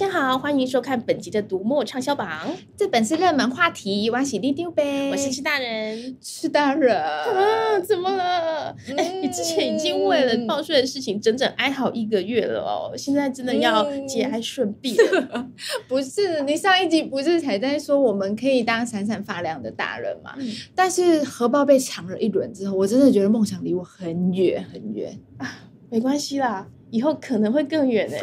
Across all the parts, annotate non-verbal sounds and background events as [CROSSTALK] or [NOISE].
大家好，歡迎收看本集的讀墨暢銷榜。這本是熱門話題，我是里長伯。我是吃大人，吃大人啊，怎麼了？哎、嗯欸，你之前已經為了報稅的事情整整哀嚎一個月了哦，現在真的要節哀順變。嗯、 [LAUGHS] 不是，你上一集不是才在說我們可以當閃閃發亮的大人嘛？嗯、但是荷包被搶了一輪之後，我真的覺得夢想離我很遠很遠啊。沒關係啦。以後可能會更遠呢。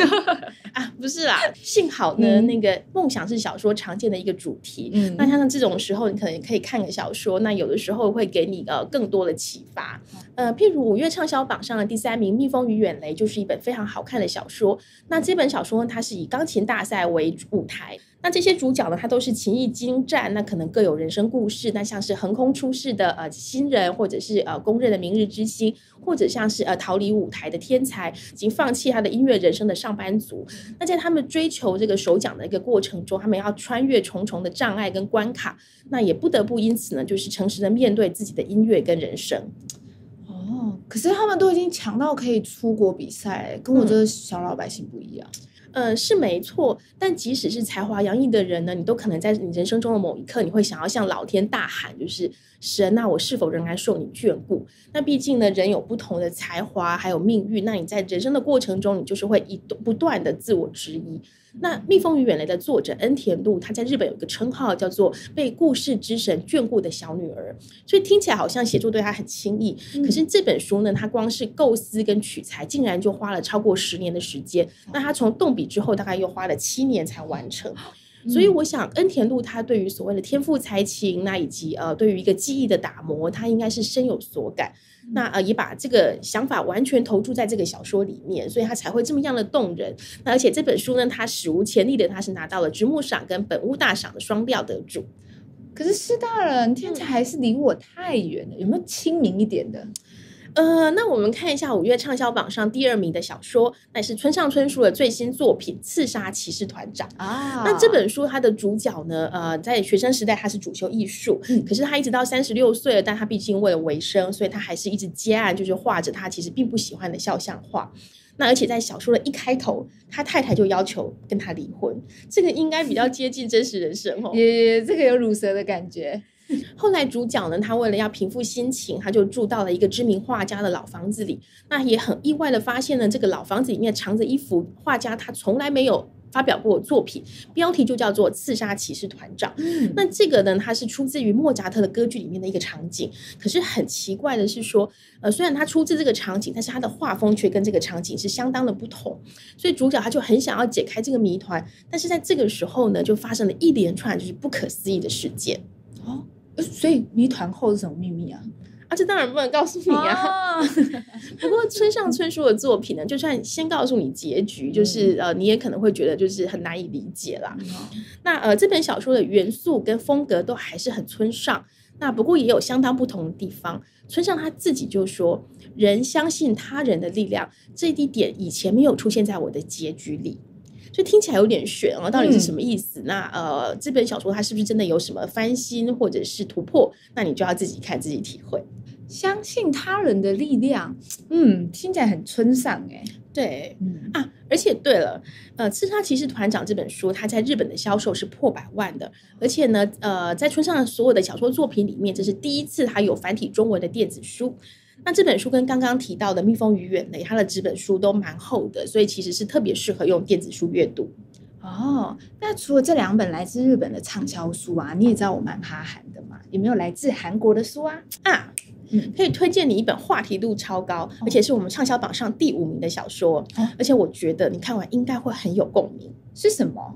啊，不是啦，幸好呢，嗯，那個夢想是小說常見的一個主題。嗯，那像像這種時候，你可能可以看個小說，那有的時候會給你呃更多的啟發。好呃，譬如五月暢銷榜上的第三名《蜜蜂與遠雷》就是一本非常好看的小說。那這本小說呢，它是以鋼琴大賽為舞台。那這些主角呢，他都是琴藝精湛，那可能各有人生故事。那像是橫空出世的呃新人，或者是呃公認的明日之星，或者像是呃逃離舞台的天才，已經放棄他的音樂人生的上班族。嗯、那在他們追求這個首獎的一個過程中，他們要穿越重重的障礙跟關卡，那也不得不因此呢，就是誠實的面對自己的音樂跟人生。哦，可是他們都已經強到可以出國比賽，跟我這小老百姓不一樣。嗯呃，是沒錯，但即使是才華洋溢的人呢，你都可能在你人生中的某一刻，你會想要向老天大喊，就是。神、啊，那我是否仍然受你眷顧？那畢竟呢，人有不同的才華，還有命運。那你在人生的過程中，你就是會一不斷的自我質疑。那《蜜蜂與遠雷》的作者恩田陸，他在日本有一個稱號，叫做“被故事之神眷顧的小女兒”。所以聽起來好像寫作對他很輕易。嗯、可是這本書呢，他光是構思跟取材，竟然就花了超過十年的時間。那他從動筆之後，大概又花了七年才完成。所以我想，恩田陸他對於所謂的天賦才情，那以及呃，對於一個技藝的打磨，他應該是深有所感。那呃，也把這個想法完全投注在這個小說裡面，所以他才會這麼樣的動人。那而且這本書呢，他史無前例的，他是拿到了直木賞跟本屋大賞的雙料得主。可是吃大人，天才還是離我太遠了，嗯、有沒有親民一點的？呃，那我們看一下五月暢銷榜上第二名的小說，那是村上春樹的最新作品《刺殺騎士團長》啊。那這本書它的主角呢，呃，在學生時代他是主修藝術，嗯、可是他一直到三十六歲了，但他畢竟為了維生，所以他還是一直接案，就是畫着他其實並不喜歡的肖像畫。那而且在小說的一開頭，他太太就要求跟他離婚， [LAUGHS] 這個應該比較接近真實人生哦。耶， [LAUGHS] 這個有乳蛇的感覺。後來主角呢，他為了要平復心情，他就住到了一個知名畫家的老房子裡。那也很意外的發現呢，這個老房子裡面藏着一幅畫家他從來沒有發表過的作品，標題，嗯，就叫做《刺殺騎士團長》。那這個呢，它是出自於莫扎特的歌劇裡面的一個場景。可是很奇怪的是說，呃，雖然他出自這個場景，但是他的畫風卻跟這個場景是相當的不同。所以主角他就很想要解開這個謎團，但是在這個時候呢，就發生了一連串就是不可思議的事件。哦。所以謎團後是什麼秘密啊？而且、啊、這當然不能告訴你啊。啊 [LAUGHS] 不過村上春樹的作品呢，就算先告訴你結局，嗯、就是呃，你也可能會覺得就是很難以理解啦。嗯哦、那呃，這本小說的元素跟風格都還是很村上，那不過也有相當不同的地方。村上他自己就說，人相信他人的力量這一點以前沒有出現在我的結局裡。所以聽起來有點玄哦、啊，到底是什麼意思？嗯、那呃，這本小說它是不是真的有什麼翻新或者是突破？那你就要自己看，自己體會。相信他人的力量，嗯，聽起來很村上哎。對，嗯、啊，而且對了，呃，《刺殺騎士團長》這本書它在日本的銷售是破百萬的，而且呢，呃，在村上的所有的小說作品裡面，這是第一次它有繁體中文的電子書。那這本書跟剛剛提到的《蜜蜂與遠雷》，它的紙本書都蠻厚的，所以其實是特別適合用電子書閱讀。哦，那除了這兩本來自日本的暢銷書啊，你也知道我蠻哈韓的嘛，有沒有來自韓國的書啊？啊，嗯，可以推薦你一本話題度超高，而且是我們暢銷榜上第五名的小說，哦、而且我覺得你看完應該會很有共鳴。是什麼？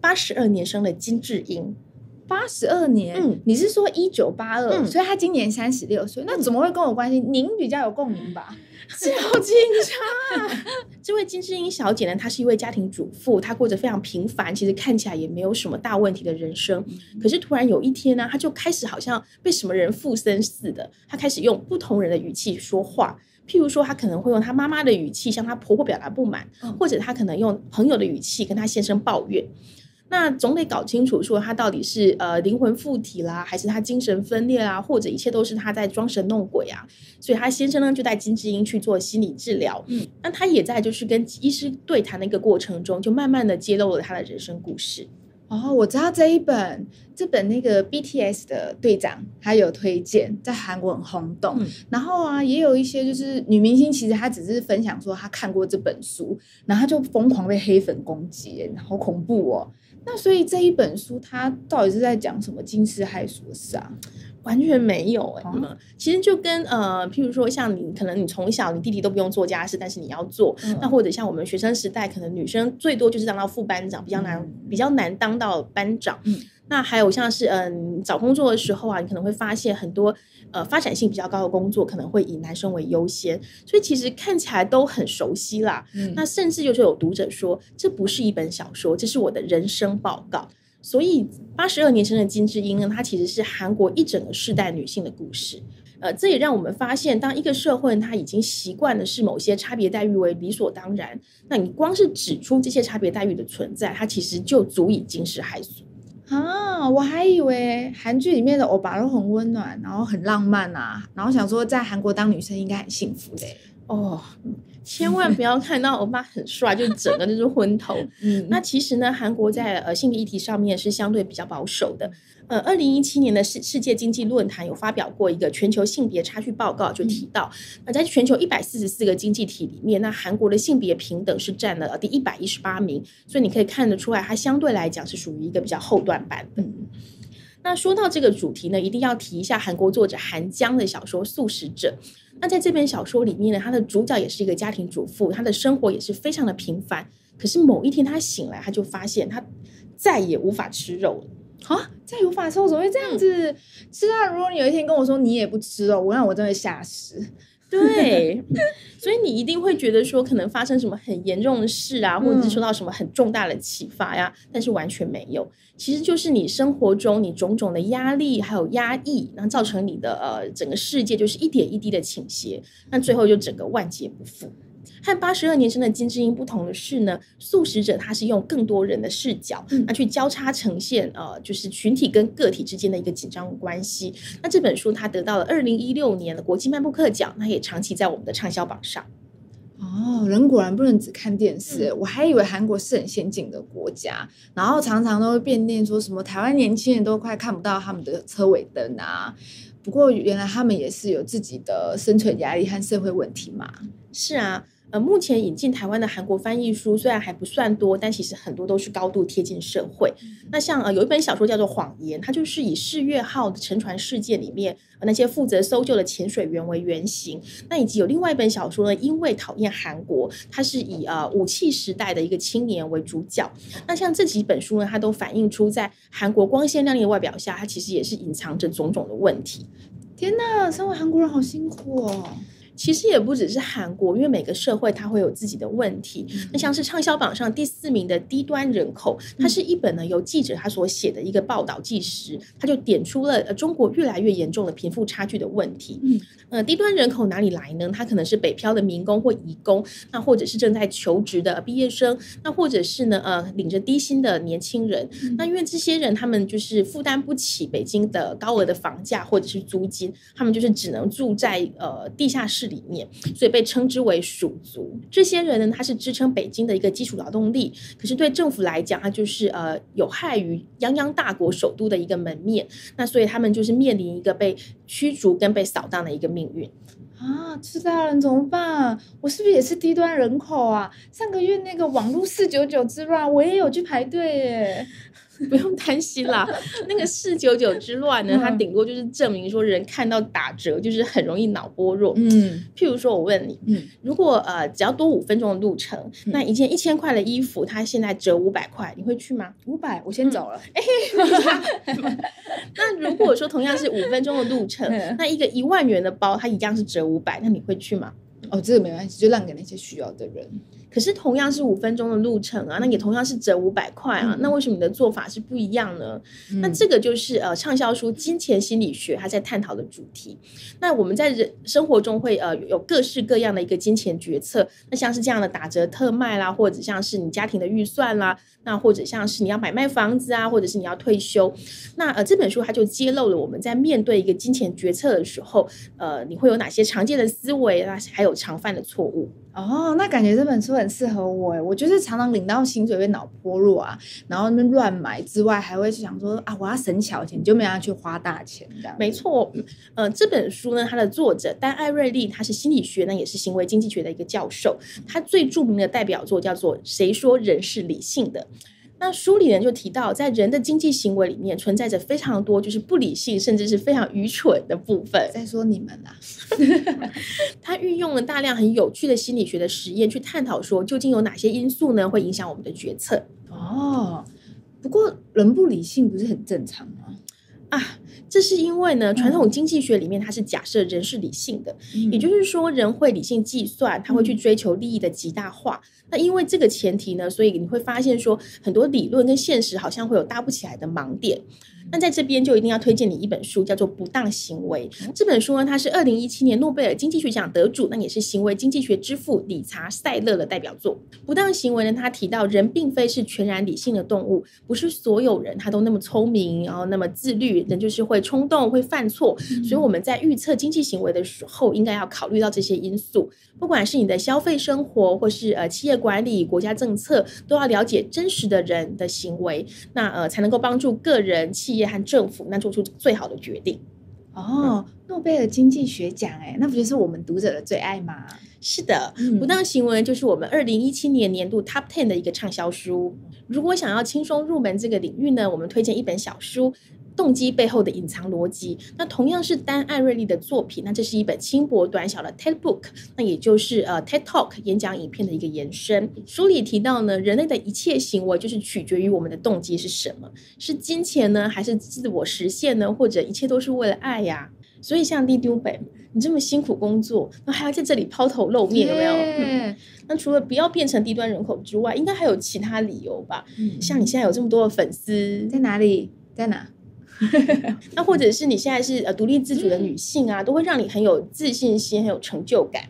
八十二年生的金智英。八十二年，嗯、你是說一九八二，所以他今年三十六歲，嗯、那怎麼會跟我關係？您比較有共鳴吧，小警察。 [LAUGHS] 這位金智英小姐呢，她是一位家庭主婦，她過着非常平凡，其實看起來也沒有什麼大問題的人生。可是突然有一天呢，她就開始好像被什麼人附身似的，她開始用不同人的語氣說話。譬如說，她可能會用她媽媽的語氣向她婆婆表達不滿，嗯、或者她可能用朋友的語氣跟她先生抱怨。那總得搞清楚說他到底是呃靈魂附體啦，還是他精神分裂啊，或者一切都是他在裝神弄鬼啊。所以，他先生呢就帶金智英去做心理治療。嗯，那他也在就是跟醫師對談的一個過程中，就慢慢的揭露了他的人生故事。哦，我知道這一本這本那個 BTS 的隊長，他有推薦，在韓國很轟動。嗯、然後啊，也有一些就是女明星，其實她只是分享說她看過這本書，然後她就瘋狂被黑粉攻擊，然後恐怖哦。那所以這一本書它到底是在講什麼驚世駭俗的事啊？完全沒有哎、欸，嗯、其實就跟呃，譬如說像你，可能你從小你弟弟都不用做家事，但是你要做；嗯、那或者像我們學生時代，可能女生最多就是當到副班長，比較難，嗯、比較難當到班長。嗯那還有像是嗯，找工作的時候啊，你可能會發現很多呃發展性比較高的工作可能會以男生為優先，所以其實看起來都很熟悉啦。嗯，那甚至就是有讀者說，這不是一本小說，這是我的人生報告。所以八十二年生的金智英呢，她其實是韓國一整個世代女性的故事。呃，這也讓我們發現，當一個社會人他已經習慣了視某些差別待遇為理所當然，那你光是指出這些差別待遇的存在，它其實就足以驚世駭俗。啊，我還以為韓劇裡面的歐巴都很溫暖，然後很浪漫吶、啊，然後想說在韓國當女生應該很幸福的、欸、哦。嗯。千萬不要看到歐巴很帥就整個就是昏頭。 [LAUGHS] 嗯，那其實呢，韓國在呃性別議題上面是相對比較保守的。呃，二零一七年的世世界經濟論壇有發表過一個全球性別差距報告，就提到，那、嗯、在全球一百四十四個經濟體裡面，那韓國的性別平等是佔了第一百一十八名，所以你可以看得出來，它相對來講是屬於一個比較後段班。本、嗯。那說到這個主題呢，一定要提一下韓國作者韓江的小說《素食者》。那在這篇小說裡面呢，他的主角也是一個家庭主婦，他的生活也是非常的平凡。可是某一天他醒來，他就發現他再也無法吃肉好、啊、再也無法吃肉怎麼會這樣子吃？是啊、嗯，如果你有一天跟我說你也不吃肉、哦，我想我真的嚇死。 [LAUGHS] 對，所以你一定會覺得說，可能發生什麼很嚴重的事啊，或者是受到什麼很重大的啟發呀、啊，嗯，但是完全沒有，其實就是你生活中你種種的壓力還有壓抑，然後造成你的呃整個世界就是一點一滴的傾斜，那最後就整個萬劫不復。和八十二年生的《金智英》不同的是呢，素食者他是用更多人的視角，那、嗯、去交叉呈現，呃，就是群體跟個體之間的一個緊張關係。那這本書他得到了二零一六年的國際曼布克獎，他也長期在我們的暢銷榜上。哦，人果然不能只看電視，嗯、我還以為韓國是很先進的國家，然後常常都會變念說什麼台灣年輕人都快看不到他們的車尾燈啊。不過原來他們也是有自己的生存壓力和社會問題嘛。是啊。呃，目前引進台灣的韓國翻譯書雖然還不算多，但其實很多都是高度貼近社會。嗯。那像呃，有一本小說叫做《謊言》，它就是以世越號的沉船事件裡面，呃，那些負責搜救的潛水員為原型。那以及有另外一本小說呢，因為討厭韓國，它是以呃武器時代的一個青年為主角。那像這幾本書呢，它都反映出在韓國光鮮亮麗的外表下，它其實也是隱藏着種種的問題。天吶，三位韓國人好辛苦哦。其實也不只是韓國，因為每個社會它會有自己的問題。那像是暢銷榜上第四名的低端人口，它是一本呢由記者他所寫的一個報道紀實，他就點出了呃中國越來越嚴重的貧富差距的問題。嗯，呃低端人口哪裡來呢？他可能是北漂的民工或移工，那或者是正在求職的畢業生，那或者是呢呃領着低薪的年輕人。嗯、那因為這些人他們就是負擔不起北京的高額的房價或者是租金，他們就是只能住在呃地下室。裡面，所以被稱之為“鼠族”，這些人呢，他是支撐北京的一個基礎勞動力。可是對政府來講，他就是呃有害於泱泱大國首都的一個門面。那所以他們就是面臨一個被驅逐跟被掃蕩的一個命運啊！知道了怎麼辦？我是不是也是低端人口啊？上個月那個網絡四九九之亂，我也有去排隊耶。不用擔心啦，那個四九九之亂呢，它頂多就是證明說人看到打折就是很容易腦波弱。嗯，譬如說我問你，嗯，如果呃只要多五分鐘的路程，那一件一千塊的衣服，它現在折五百塊，你會去嗎？五百，我先走了。哎，那如果說同樣是五分鐘的路程，那一個一萬元的包，它一樣是折五百，那你會去嗎？哦，這個沒關係，就讓給那些需要的人。可是同樣是五分鐘的路程啊，那也同樣是折五百塊啊，嗯、那為什麼你的做法是不一樣呢？嗯、那這個就是呃暢銷書《金錢心理學》它在探討的主題。那我們在人生活中會呃有各式各樣的一個金錢決策，那像是這樣的打折特賣啦，或者像是你家庭的預算啦，那或者像是你要買賣房子啊，或者是你要退休，那呃這本書它就揭露了我們在面對一個金錢決策的時候，呃你會有哪些常見的思維啊，還有常犯的錯誤。哦，那感覺這本書很適合我哎，我就是常常領到薪水被腦波弱啊，然後那亂買之外，還會去想說啊，我要省小錢，就沒有要去花大錢的。沒錯，呃，這本書呢，它的作者丹艾瑞利他是心理學呢，也是行為經濟學的一個教授，他最著名的代表作叫做《誰說人是理性的》。那書裡人就提到，在人的經濟行為裡面存在着非常多就是不理性，甚至是非常愚蠢的部分。再說你們啦、啊， [LAUGHS] 他運用了大量很有趣的心理學的實驗，去探討說究竟有哪些因素呢，會影響我們的決策？哦，不過人不理性不是很正常嗎？啊，這是因為呢，傳統經濟學裡面它是假設人是理性的，也就是說人會理性計算，他會去追求利益的極大化。那因為這個前提呢，所以你會發現說，很多理論跟現實好像會有搭不起來的盲點。那在這邊就一定要推薦你一本書，叫做《不當行為》。這本書呢，它是二零一七年諾貝爾經濟學獎得主，那也是行為經濟學之父理查·塞勒的代表作。《不當行為》呢，他提到人並非是全然理性的動物，不是所有人他都那麼聰明，然後那麼自律。人就是會衝動，會犯錯。所以我們在預測經濟行為的時候，應該要考慮到這些因素。不管是你的消費生活，或是呃企業管理、國家政策，都要了解真實的人的行為。那呃，才能夠幫助個人、企業。業和政府，那做出最好的決定哦。諾貝爾經濟學獎誒、欸，那不就是我們讀者的最愛嗎？是的，嗯、不當行為就是我們二零一七年年度 Top Ten 的一個暢銷書。如果想要輕鬆入門這個領域呢，我們推薦一本小書。動機背後的隱藏邏輯。那同樣是丹·艾瑞利的作品。那這是一本輕薄短小的 TED book，那也就是呃 TED Talk 演講影片的一個延伸。書裡提到呢，人類的一切行為就是取決於我們的動機是什麼，是金錢呢，還是自我實現呢，或者一切都是為了愛呀、啊？所以像里長伯，你這麼辛苦工作，那還要在這裡拋頭露面，有沒有？那除了不要變成低端人口之外，應該還有其他理由吧？嗯、像你現在有這麼多的粉絲，在哪裡？在哪？ [LAUGHS] 那或者是你現在是呃獨立自主的女性啊，嗯、都會讓你很有自信心，很有成就感。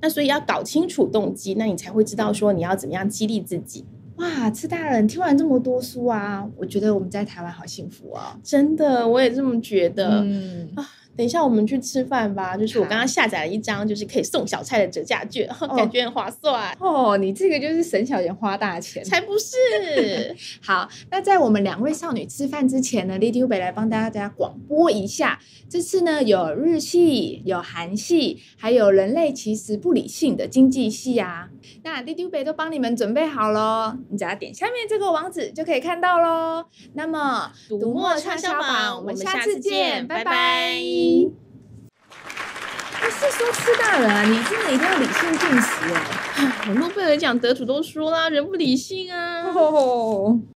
那所以要搞清楚動機，那你才會知道說你要怎麼樣激勵自己。嗯、哇，吃大人聽完這麼多書啊，我覺得我們在台灣好幸福哦，真的，我也這麼覺得。嗯啊。等一下，我們去吃飯吧。啊、就是我剛剛下載了一張，就是可以送小菜的折價券，哦、感覺很划算哦。你這個就是省小錢花大錢，才不是。 [LAUGHS] 好，那在我們兩位少女吃飯之前呢，里長伯來幫大家廣播一下。這次呢有日系、有韓系，還有人類其實不理性的經濟系啊。那里長伯都幫你們準備好咯，你只要點下面這個網址就可以看到嘍。那麼讀墨暢銷榜，叉叉叉，我們下次見，拜拜。拜拜。不、哦、是說吃大人，啊，你真的一定要理性進食哦。我諾貝爾獎得主都說啦，人不理性啊。哦吼吼